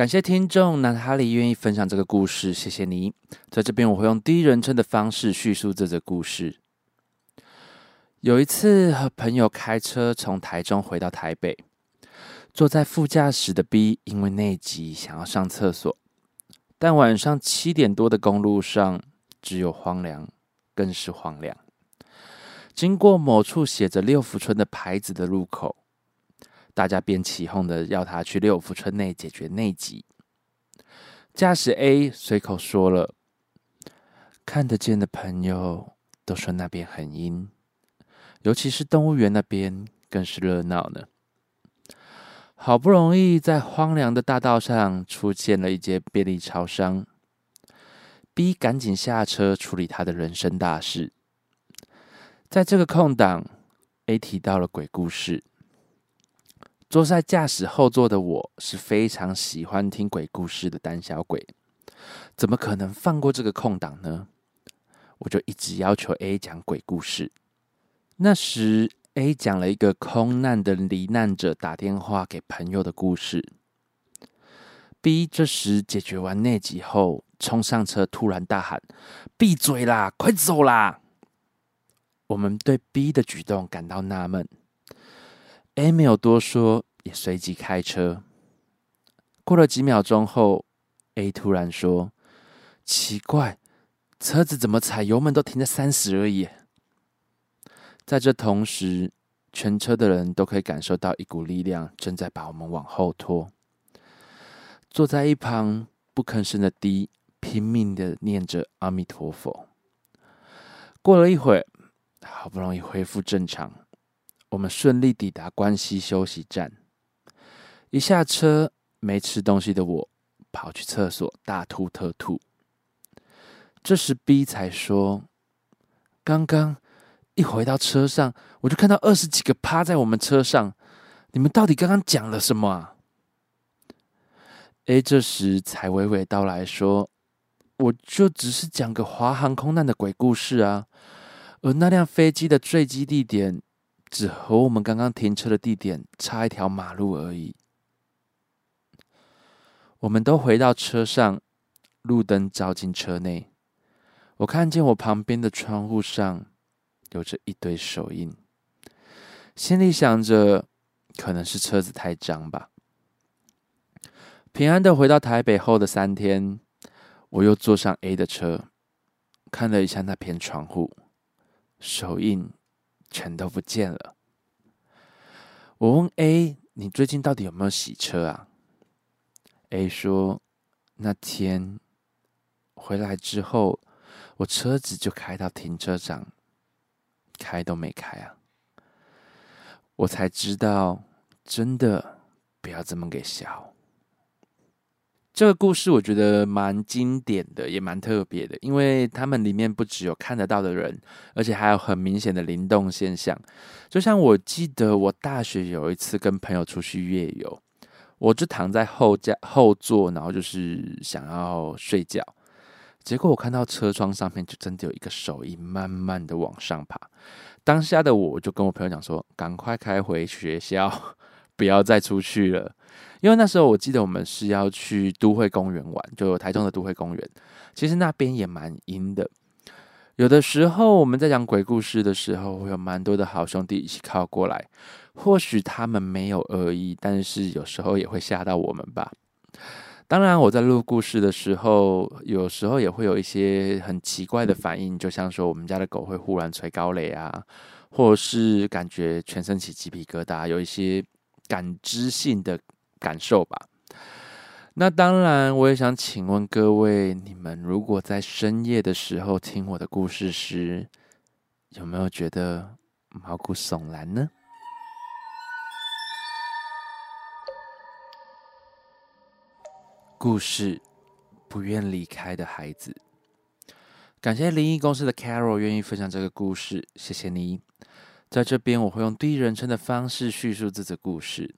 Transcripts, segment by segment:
感謝聽眾南哈利，願意分享這個故事，謝謝你。在這邊我會用第一人稱的方式敘述這則故事。有一次和朋友開車從台中回到台北，坐在副駕駛的 B 因為內急想要上廁所，但晚上七點多的公路上只有荒涼，更是荒涼。經過某處寫着六福村的牌子的路口。大家便起哄的要他去六福村內解決內急。駕駛 A 隨口說了：“看得見的朋友都說那邊很陰，尤其是動物園那邊更是熱鬧呢。”好不容易在荒涼的大道上出現了一間便利超商，B 趕緊下車處理他的人生大事。在這個空檔，A 提到了鬼故事。坐在駕駛後座的我，是非常喜歡聽鬼故事的膽小鬼，怎麼可能放過這個空檔呢？我就一直要求 A 講鬼故事。那時 A 講了一個空難的罹難者打電話給朋友的故事。B 這時解決完內急後，衝上車，突然大喊：“閉嘴啦，快走啦！”我們對 B 的舉動感到納悶。A 沒有多說，也隨即開車。過了幾秒鐘後，A 突然說：“奇怪，車子怎麼踩油門都停在三十而已。”在這同時，全車的人都可以感受到一股力量正在把我們往後拖。坐在一旁不吭聲的 D，拼命的念着阿彌陀佛。過了一會，好不容易恢復正常。我們順利抵達關西休息站，一下車沒吃東西的我跑去廁所大吐特吐。這時 B 才說：“剛剛一回到車上，我就看到二十幾個趴在我們車上，你們到底剛剛講了什麼啊？”A 這時才娓娓道來說：“我就只是講個華航空難的鬼故事啊，而那輛飛機的墜機地點。”只和我們剛剛停車的地點差一條馬路而已。我們都回到車上，路燈照進車內，我看見我旁邊的窗戶上有着一堆手印，心裡想着可能是車子太髒吧。平安的回到台北後的三天，我又坐上 A 的車，看了一下那片窗戶，手印。全都不見了。我問 A：“ 你最近到底有沒有洗車啊？”A 說：“那天回來之後，我車子就開到停車場，開都沒開啊。我才知道，真的不要這麼野小。”這個故事我覺得蠻經典的，也蠻特別的，因為他們裡面不只有看得到的人，而且還有很明顯的靈動現象。就像我記得我大學有一次跟朋友出去夜遊，我就躺在後架後座，然後就是想要睡覺，結果我看到車窗上面就真的有一個手印慢慢的往上爬。當下的我就跟我朋友講說：“趕快開回學校，不要再出去了。”因為那時候我記得我們是要去都會公園玩，就台中的都會公園，其實那邊也蠻陰的。有的時候我們在講鬼故事的時候，會有蠻多的好兄弟一起靠過來。或許他們沒有惡意，但是有時候也會嚇到我們吧。當然，我在錄故事的時候，有時候也會有一些很奇怪的反應，就像說我們家的狗會忽然吹狗螺啊，或是感覺全身起雞皮疙瘩，有一些感知性的。感受吧。那當然，我也想請問各位：你們如果在深夜的時候聽我的故事時，有沒有覺得毛骨悚然呢？故事《不願離開的孩子》。感謝靈異公司的 Carol 願意分享這個故事，謝謝你。在這邊，我會用第一人稱的方式敘述這則故事。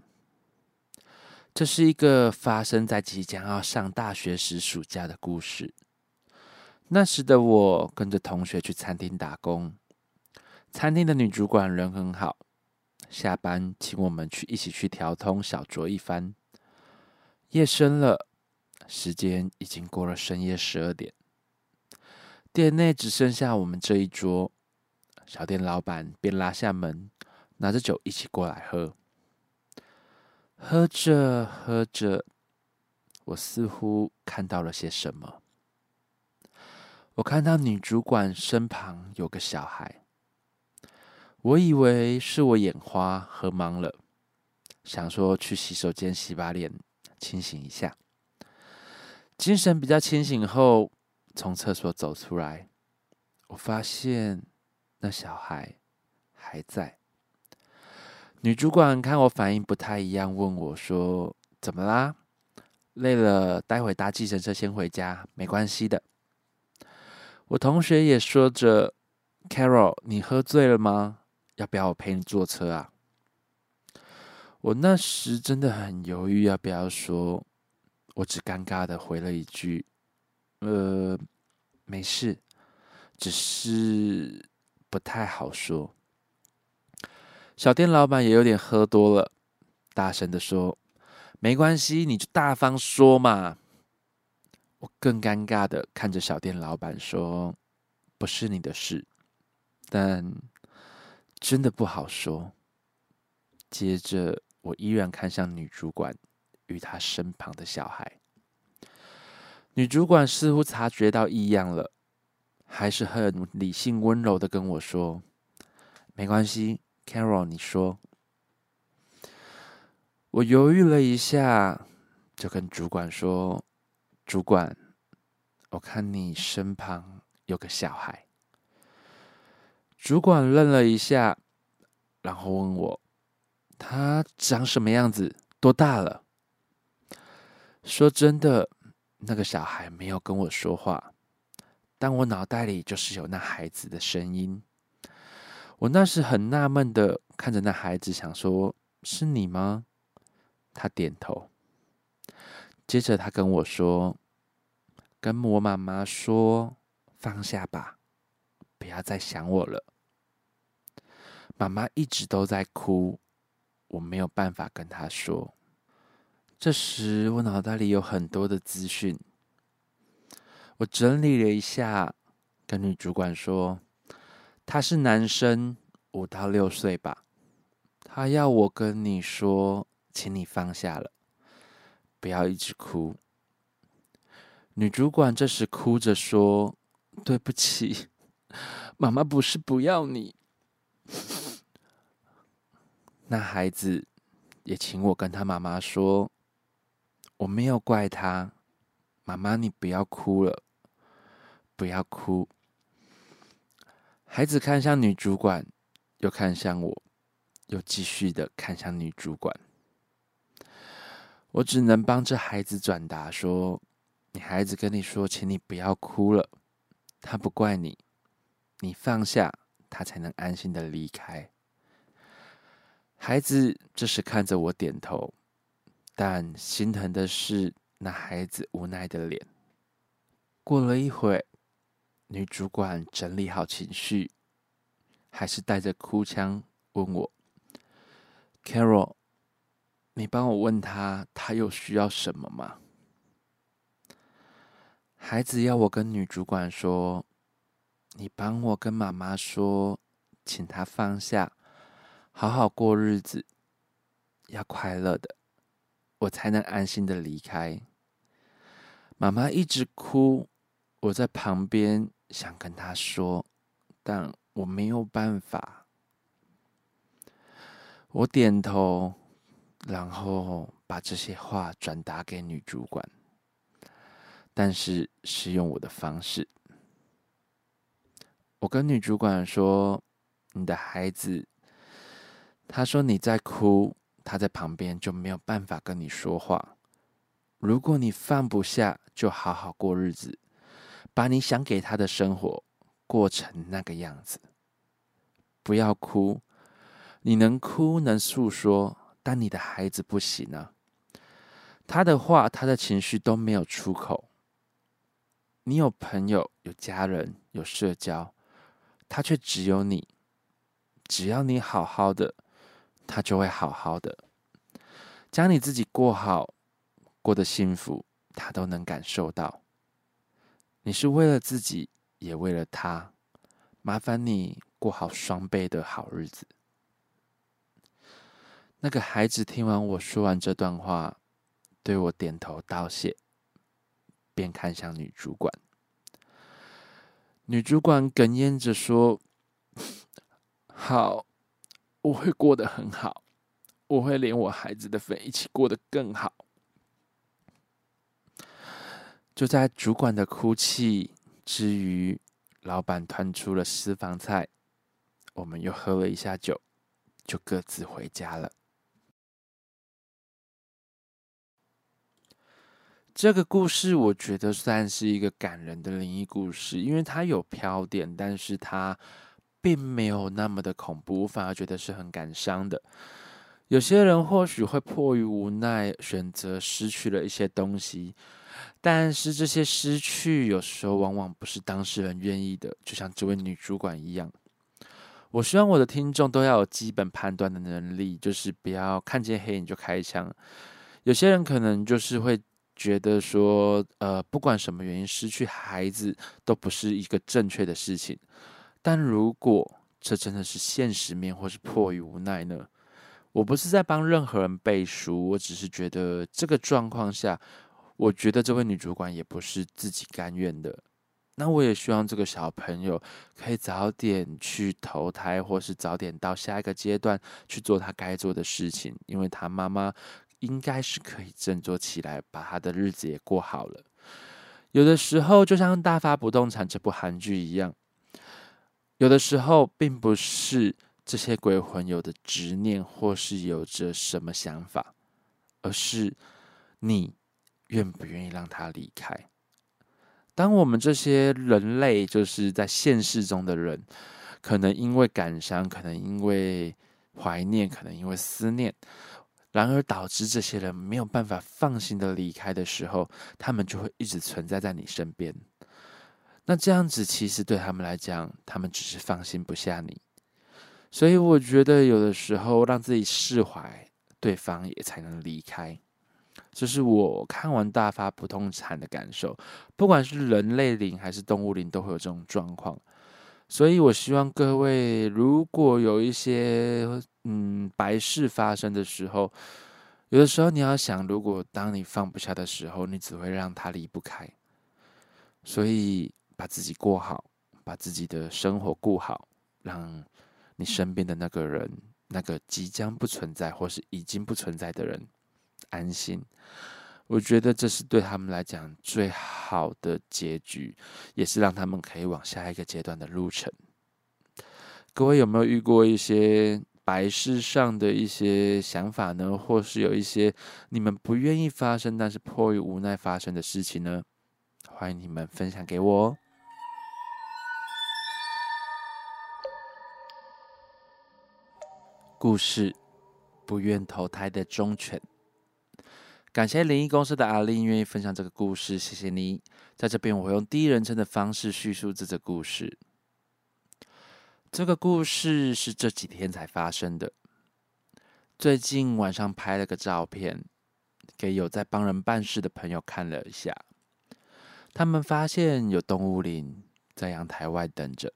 這是一個發生在即將要上大學時暑假的故事。那時的我跟着同學去餐廳打工，餐廳的女主管人很好，下班請我們去一起去調通小酌一番。夜深了，時間已經過了深夜十二點，店內只剩下我們這一桌，小店老板便拉下門，拿着酒一起過來喝。喝着喝着，我似乎看到了些什麼。我看到女主管身旁有個小孩，我以為是我眼花喝茫了，想說去洗手間洗把臉，清醒一下。精神比較清醒後，從廁所走出來，我發現那小孩還在。女主管看我反應不太一樣，問我說：“怎麼啦？累了？待會搭計程車先回家，沒關係的。”我同學也說着：“Carol，你喝醉了嗎？要不要我陪你坐車啊？”我那時真的很猶豫要不要說，我只尷尬的回了一句：“呃，沒事，只是不太好說。”小店老闆也有點喝多了，大聲地說：“沒關係，你就大方說嘛。”我更尷尬地看着小店老闆說：“不是你的事，但真的不好說。”接着，我依然看向女主管與她身旁的小孩。女主管似乎察覺到異樣了，還是很理性溫柔地跟我說：“沒關係。” Carol，你說。我猶豫了一下，就跟主管說：“主管，我看你身旁有個小孩。”主管愣了一下，然後問我：“他長什麼樣子？多大了？”說真的，那個小孩沒有跟我說話，但我腦袋裡就是有那孩子的聲音。我那時很納悶的看着那孩子，想說：“是你嗎？”他點頭。接着他跟我說：“跟我媽媽說，放下吧，不要再想我了。”媽媽一直都在哭，我沒有辦法跟她說。這時我腦袋裡有很多的資訊，我整理了一下，跟女主管說。他是男生，五到六歲吧。他要我跟你說，請你放下了，不要一直哭。女主管這時哭着說：“對不起，媽媽不是不要你。 ”那孩子也請我跟他媽媽說：“我沒有怪他，媽媽你不要哭了，不要哭。”孩子看向女主管，又看向我，又繼續的看向女主管。我只能幫着孩子轉達說：“你孩子跟你說，請你不要哭了，他不怪你，你放下，他才能安心的離開。”孩子這時看着我點頭，但心疼的是那孩子無奈的臉。過了一會。女主管整理好情緒，還是帶着哭腔問我：“Carol，你幫我問她，她有需要什麼嗎？”孩子要我跟女主管說：“你幫我跟媽媽說，請她放下，好好過日子，要快樂的，我才能安心的離開。”媽媽一直哭，我在旁邊。想跟他說，但我沒有辦法。我點頭，然後把這些話轉達給女主管，但是是用我的方式。我跟女主管說：“你的孩子，”她說：“你在哭，她在旁邊就沒有辦法跟你說話。如果你放不下，就好好過日子。”把你想給他的生活過成那個樣子，不要哭。你能哭能訴說，但你的孩子不行啊。他的話，他的情緒都沒有出口。你有朋友，有家人，有社交，他卻只有你。只要你好好的，他就會好好的。將你自己過好，過得幸福，他都能感受到。你是為了自己，也為了他，麻煩你過好雙倍的好日子。那個孩子聽完我說完這段話，對我點頭道謝，便看向女主管。女主管哽咽着說：“好，我會過得很好，我會連我孩子的份一起過得更好。”就在主管的哭泣之餘，老闆端出了私房菜，我們又喝了一下酒，就各自回家了。這個故事我覺得算是一個感人的靈異故事，因為它有飄點，但是它並沒有那麼的恐怖，我反而覺得是很感傷的。有些人或許會迫於無奈，選擇失去了一些東西。但是這些失去有時候往往不是當事人願意的，就像這位女主管一樣。我希望我的聽眾都要有基本判斷的能力，就是不要看見黑影就開槍。有些人可能就是會覺得說，呃，不管什麼原因失去孩子都不是一個正確的事情。但如果這真的是現實面或是迫於無奈呢？我不是在幫任何人背書，我只是覺得這個狀況下。我覺得這位女主管也不是自己甘願的，那我也希望這個小朋友可以早點去投胎，或是早點到下一個階段去做他該做的事情，因為他媽媽應該是可以振作起來，把他的日子也過好了。有的時候就像《大發不動產》這部韓劇一樣，有的時候並不是這些鬼魂有的執念或是有着什麼想法，而是你。願不願意讓他離開？當我們這些人類，就是在現實中的人，可能因為感傷，可能因為懷念，可能因為思念，然而導致這些人沒有辦法放心的離開的時候，他們就會一直存在在你身邊。那這樣子其實對他們來講，他們只是放心不下你。所以我覺得，有的時候讓自己釋懷，對方也才能離開。這是我看完大發不動產的感受，不管是人類靈還是動物靈，都會有這種狀況。所以，我希望各位，如果有一些嗯白事發生的時候，有的時候你要想，如果當你放不下的時候，你只會讓它離不開。所以，把自己過好，把自己的生活過好，讓你身邊的那個人，那個即將不存在或是已經不存在的人。安心，我覺得這是對他們來講最好的結局，也是讓他們可以往下一個階段的路程。各位有沒有遇過一些白事上的一些想法呢？或是有一些你們不願意發生，但是迫於無奈發生的事情呢？歡迎你們分享給我哦。故事：不願投胎的忠犬。感謝靈異公司的阿玲願意分享這個故事，謝謝你。在這邊，我用第一人稱的方式敘述這個故事。這個故事是這幾天才發生的。最近晚上拍了個照片，給有在幫人辦事的朋友看了一下，他們發現有動物靈在陽台外等着，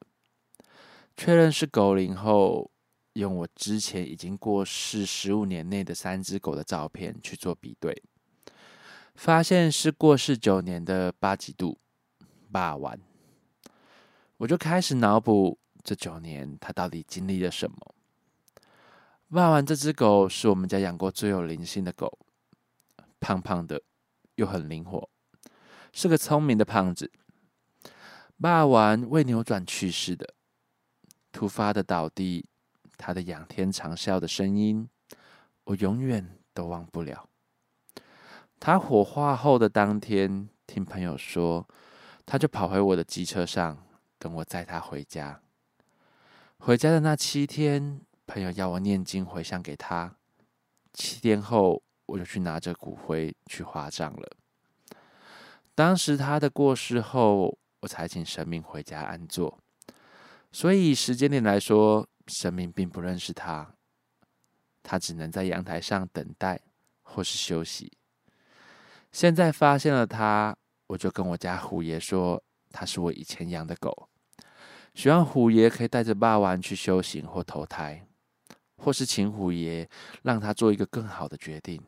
確認是狗靈後。用我之前已經過世十五年內的三只狗的照片去做比對，發現是過世九年的八幾度霸丸，我就開始腦補這九年他到底經歷了什麼。霸丸這只狗是我們家養過最有靈性的狗，胖胖的又很靈活，是個聰明的胖子。霸丸未扭轉去世的突發的倒地，他的仰天長嘯的聲音，我永遠都忘不了。他火化後的當天，聽朋友說，他就跑回我的機車上，等我載他回家。回家的那七天，朋友要我念經回向給他。七天後，我就去拿着骨灰去花葬了。當時他的過世後，我才請神明回家安坐。所以，以時間點來說。神明並不認識他，他只能在陽台上等待或是休息。現在發現了他，我就跟我家虎爺說，他是我以前養的狗，希望虎爺可以帶着霸王去修行或投胎，或是請虎爺讓他做一個更好的決定。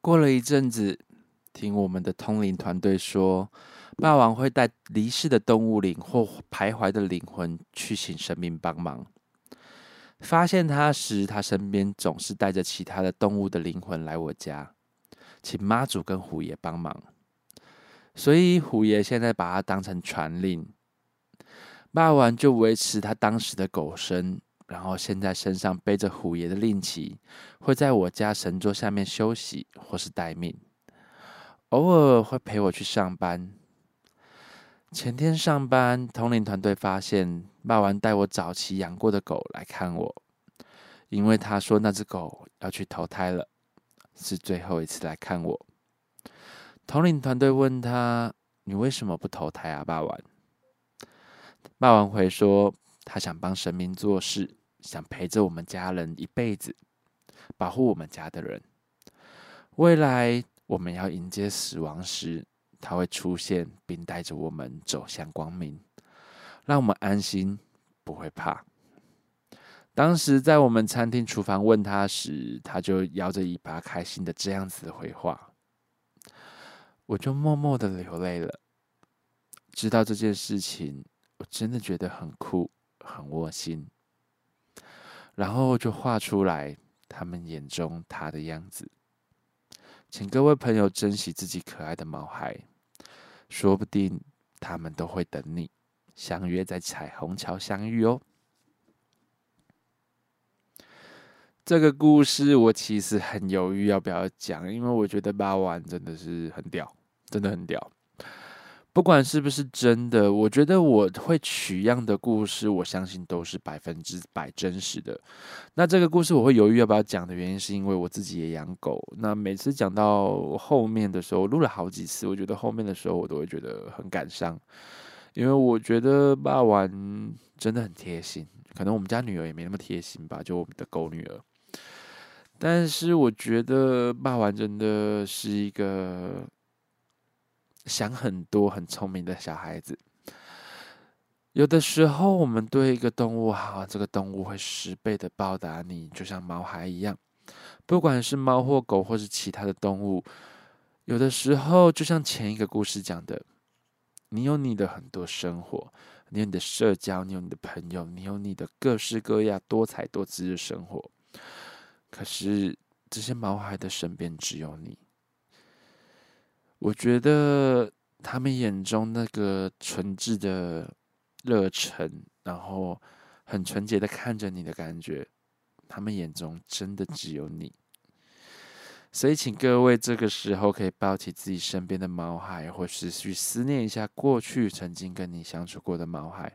過了一陣子。聽我們的通靈團隊說，霸王會帶離世的動物靈或徘徊的靈魂去請神明幫忙。發現他時，他身邊總是帶着其他的動物的靈魂來我家，請媽祖跟虎爺幫忙。所以虎爺現在把他當成傳令，霸王就維持他當時的狗身，然後現在身上背着虎爺的令旗，會在我家神桌下面休息或是待命。偶爾會陪我去上班。前天上班，統領團隊發現，霸王帶我早期養過的狗來看我，因為他說那只狗要去投胎了，是最後一次來看我。統領團隊問他：“你為什麼不投胎啊，霸王？”霸王回說：“他想幫神明做事，想陪着我們家人一輩子，保護我們家的人，未來。”我們要迎接死亡時，他會出現，並帶着我們走向光明，讓我們安心，不會怕。當時在我們餐廳廚房問他時，他就搖着尾巴，開心的這樣子回話，我就默默的流淚了。知道這件事情，我真的覺得很酷，很窩心。然後就畫出來他們眼中他的樣子。請各位朋友珍惜自己可愛的毛孩，說不定他們都會等你，相約在彩虹橋相遇哦。這個故事我其實很猶豫要不要講，因為我覺得八萬真的是很屌，真的很屌。不管是不是真的，我覺得我會取樣的故事，我相信都是百分之百真實的。那這個故事我會猶豫要不要講的原因，是因為我自己也養狗。那每次講到後面的時候，錄了好幾次，我覺得後面的時候我都會覺得很感傷，因為我覺得霸王真的很貼心。可能我們家女兒也沒那麼貼心吧，就我們的狗女兒。但是我覺得霸王真的是一個。想很多很聰明的小孩子，有的時候我們對一個動物好啊，這個動物會十倍的報答你，就像毛孩一樣，不管是貓或狗或是其他的動物，有的時候就像前一個故事講的，你有你的很多生活，你有你的社交，你有你的朋友，你有你的各式各樣多彩多姿的生活，可是這些毛孩的身邊只有你。我覺得他們眼中那個純摯的熱忱，然後很純潔的看着你的感覺，他們眼中真的只有你。所以，請各位這個時候可以抱起自己身邊的毛孩，或是去思念一下過去曾經跟你相處過的毛孩。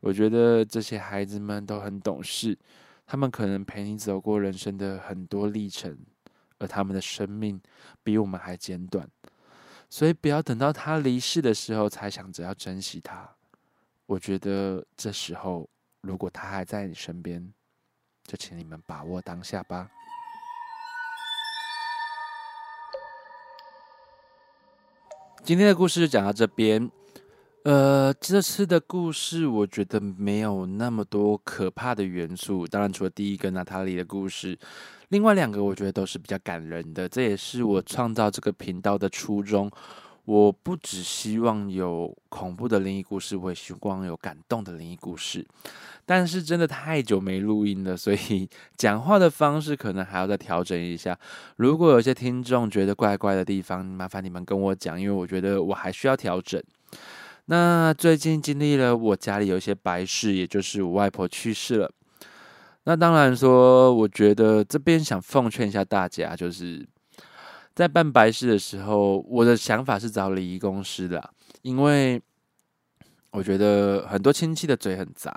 我覺得這些孩子們都很懂事，他們可能陪你走過人生的很多歷程，而他們的生命比我們還簡短。所以不要等到他離世的時候才想着要珍惜他。我覺得這時候，如果他還在你身邊，就請你們把握當下吧。今天的故事就講到這邊。呃，這次的故事我覺得沒有那麼多可怕的元素，當然除了第一個娜塔莉的故事，另外兩個我覺得都是比較感人的，這也是我創造這個頻道的初衷。我不只希望有恐怖的靈異故事，我也希望有感動的靈異故事。但是真的太久沒錄音了，所以講話的方式可能還要再調整一下。如果有些聽眾覺得怪怪的地方，麻煩你們跟我講，因為我覺得我還需要調整。那最近經歷了，我家裡有一些白事，也就是我外婆去世了。那當然說，我覺得這邊想奉勸一下大家，就是在辦白事的時候，我的想法是找禮儀公司的啊，因為我覺得很多親戚的嘴很雜，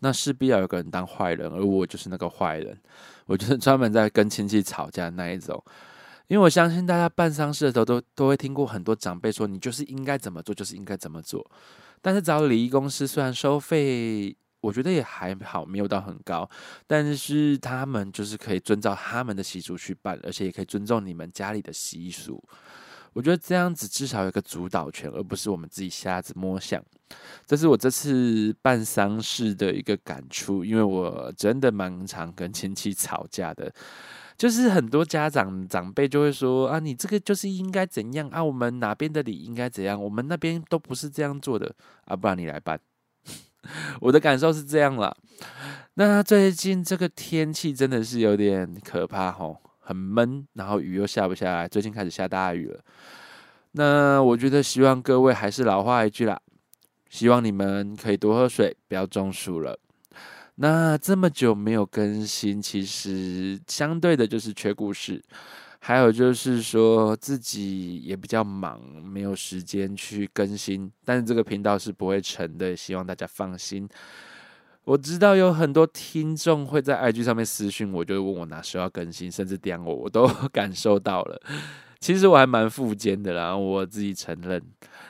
那勢必要有個人當壞人，而我就是那個壞人，我就是專門在跟親戚吵架那一種。因為我相信大家辦喪事的時候都，都都會聽過很多長輩說：“你就是應該怎麼做，就是應該怎麼做。”但是找禮儀公司雖然收費，我覺得也還好，沒有到很高，但是他們就是可以遵照他們的習俗去辦，而且也可以尊重你們家裡的習俗。我覺得這樣子至少有一個主導權，而不是我們自己瞎子摸象。這是我這次辦喪事的一個感觸，因為我真的蠻常跟親戚吵架的。就是很多家長長輩就會說啊，你這個就是應該怎樣啊？我們哪邊的禮應該怎樣？我們那邊都不是這樣做的啊，不然你來辦。 我的感受是這樣啦，那最近這個天氣真的是有點可怕齁，很悶，然後雨又下不下來，最近開始下大雨了。那我覺得希望各位還是老話一句啦，希望你們可以多喝水，不要中暑了。那這麼久沒有更新，其實相對的就是缺故事，還有就是說自己也比較忙，沒有時間去更新。但是這個頻道是不會沉的，希望大家放心。我知道有很多聽眾會在 IG 上面私訊我，就會問我哪時候要更新，甚至 DM 我，我都感受到了。其實我還蠻富姦的啦，我自己承認。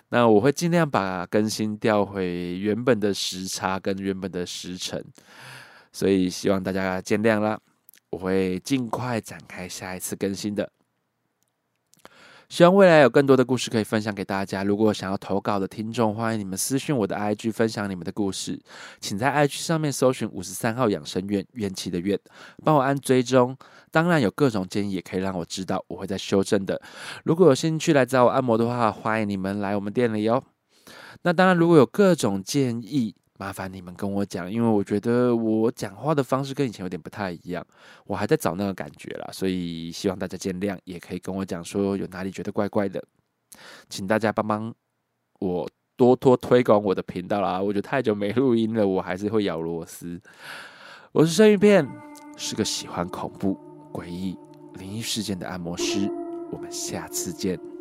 那我會盡量把更新調回原本的時差跟原本的時程，所以希望大家見諒啦。我會盡快展開下一次更新的。希望未來有更多的故事可以分享給大家。如果想要投稿的聽眾，歡迎你們私訊我的 IG，分享你們的故事。請在 IG 上面搜尋五十三號養生怨，怨氣的怨，幫我按追蹤。當然有各種建議也可以讓我知道，我會再修正的。如果有興趣來找我按摩的話，歡迎你們來我們店裡哦。那當然，如果有各種建議。麻煩你們跟我講，因為我覺得我講話的方式跟以前有點不太一樣，我還在找那個感覺啦，所以希望大家見諒，也可以跟我講說有哪裡覺得怪怪的，請大家幫忙我多多推廣我的頻道啦。我覺得太久沒錄音了，我還是會咬螺絲。我是生魚片，是個喜歡恐怖、詭異、靈異事件的按摩師。我們下次見。